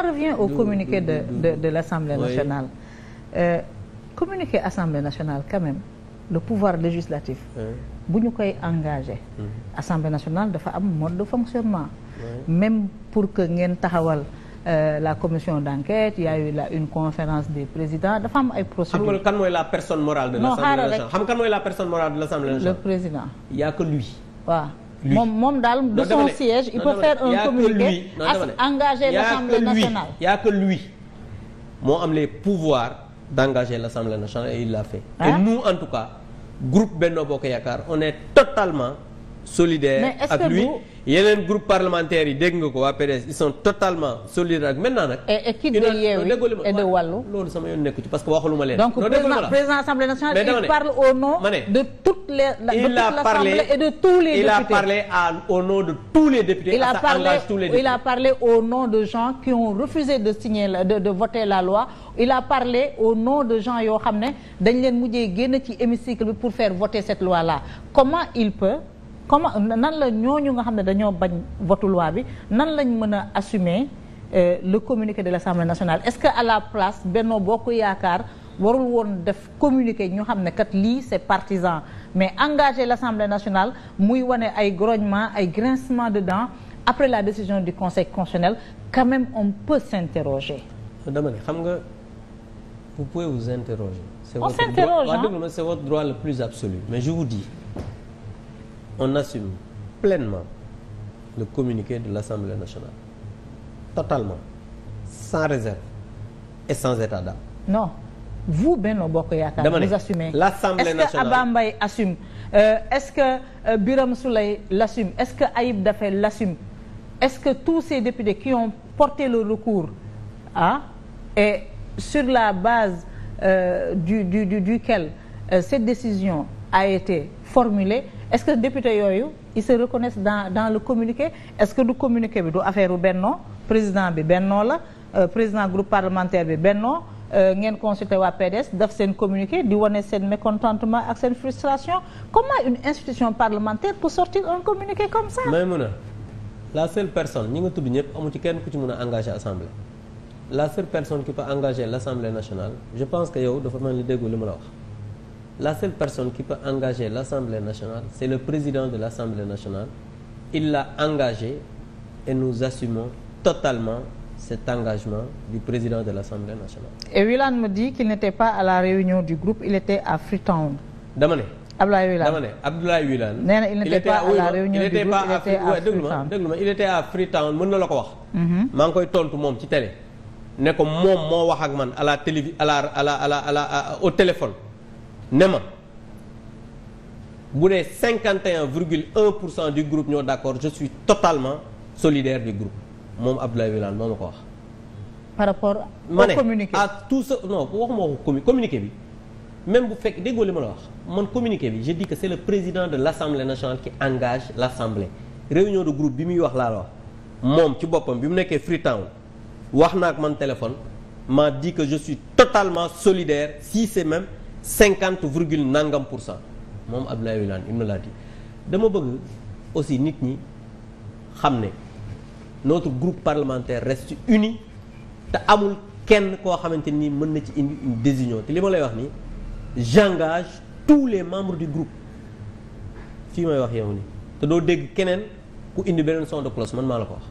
en revient au communiqué de de de l'Assemblée nationale euh, communiqué Assemblée nationale quand même le pouvoir législatif bu ñu koy engagé mhm. Assemblée nationale dafa am mode de fonctionnement même pour que ngeen taxawal euh, la commission d'enquête il y a eu la une conférence des présidents dafa am ay procédures. xam nga kan mooy la personne morale de l'Assemblée xam kan mooy la personne morale de l'Assemblée nationale. le président. il y a que lui. moom moom daal de siège il peut faire un l'Assemblée nationale y a lui moo am les pouvoirs d'engager l'Assemblée nationale et il l'a fait et nous en tout cas groupe Benno Bokk Yaakaar on est totalement solidaire ak lui yeneen groupe parlementaire yi dégg nga ko waa PDS ils sont totalement solidaires ak maintenant nag. et et kii de Yewwi et de Wallu loolu sama yon nekku ci parce que waxaluma leen. donc président assemblée nationale il parle au nom. de toutes les de toute l'assemblée et de tous les députés il a parlé au nom de tous les députés. ça engage tous les députés au nom de gens refusé de signer de voter la loi il a parlé au nom de gens yoo xam ne dañ leen mujjee génn ci hémicycle pour faire voter cette loi là comment il comment nan la ñooñu nga xam ne dañoo bañ votu loi bi nan lañ mën a assumer euh, le communiqué de l'Assemblée nationale est-ce que à la place Benno Bokk Yaakaar warul woon def communiqué ñu xam ne kat lii c'est partisan mais engager l'Assemblée nationale muy wane ay grognement ay grincement de dents après la décision du Conseil constitutionnel quand même on peut s'interroger dama ne xam nga vous pouvez vous interroger c'est si droit c'est votre droit le plus absolu mais on assume pleinement le communiqué de l'Assemblée nationale totalement sans réserve et sans état d'âme. non vous Benno Bokk Yaakaar. dama vous assumez est-ce que Abba Mbaye assume euh, est-ce que euh, Birame Souleye l'assume est-ce que Ayib Daffé l'assume est-ce que tous ces députés qui ont porté le recours et sur la base euh, du du du euh, cette décision. a été formulé est-ce que député yooyu ils se reconnaissent dans dans le communiqué est-ce que du communiqué bi du affaire u bennoo président bi bennoo la euh, président groupe parlementaire bi bennoo euh, ngeen consulté waa PDS daf seen communiqué di wane seen mécontentement ak seen frustration comment une institution parlementaire peut sortir un communiqué comme ça Maïmouna la seule personne ñi nga tudd ñëpp amu ci kenn ku ci mën a engagé assemblée la seule personne qui que yow dafa mel ni déggu la seule personne qui peut engager l'Assemblée nationale, c'est le président de l'Assemblée nationale. Il l'a engagé et nous assumons totalement cet engagement du président de l'Assemblée nationale. Et Willan me dit qu'il n'était pas à la réunion du groupe, il était à Freetown. Damane. Abdoulaye Willan. Damane. Abdoulaye Willan. Il n'était pas à la réunion du groupe, il était à Freetown. Il était à Freetown, maa koy tontu moom ci télé. ne ko moom moo wax ak man à la ne ma bu dee cinquante et un pour cent du groupe ñoo d'accord je suis totalement solidaire du group moom Abdoulaye Wilane moo ma ko wax. par rapport ma ne ak tout ce non waxuma waxu commu communiqué bi même bu fekk déggoo li ma la wax man communiqué bi je di que c'est le président de l'Assemblée nationale qui engage l'Assemblée réunion de groupe bi muy wax laa wax moom ci boppam bi mu nekkee Freetown wax naa ak man téléphone m'a dit que je suis totalement solidaire si c'est même cinquante virgule nangam pour cent moom Abdoulaye Wilane il me l'a dit dama bëgg aussi nit ñi xam ne notre groupe parlementaire reste uni te amul kenn koo xamante ni mën na ci indi une désunion te li ma lay wax nii j'engage tous les membres du groupes fii may wax yow ni te doo dégg keneen ku indi beneen son de cloche man maa la ko wax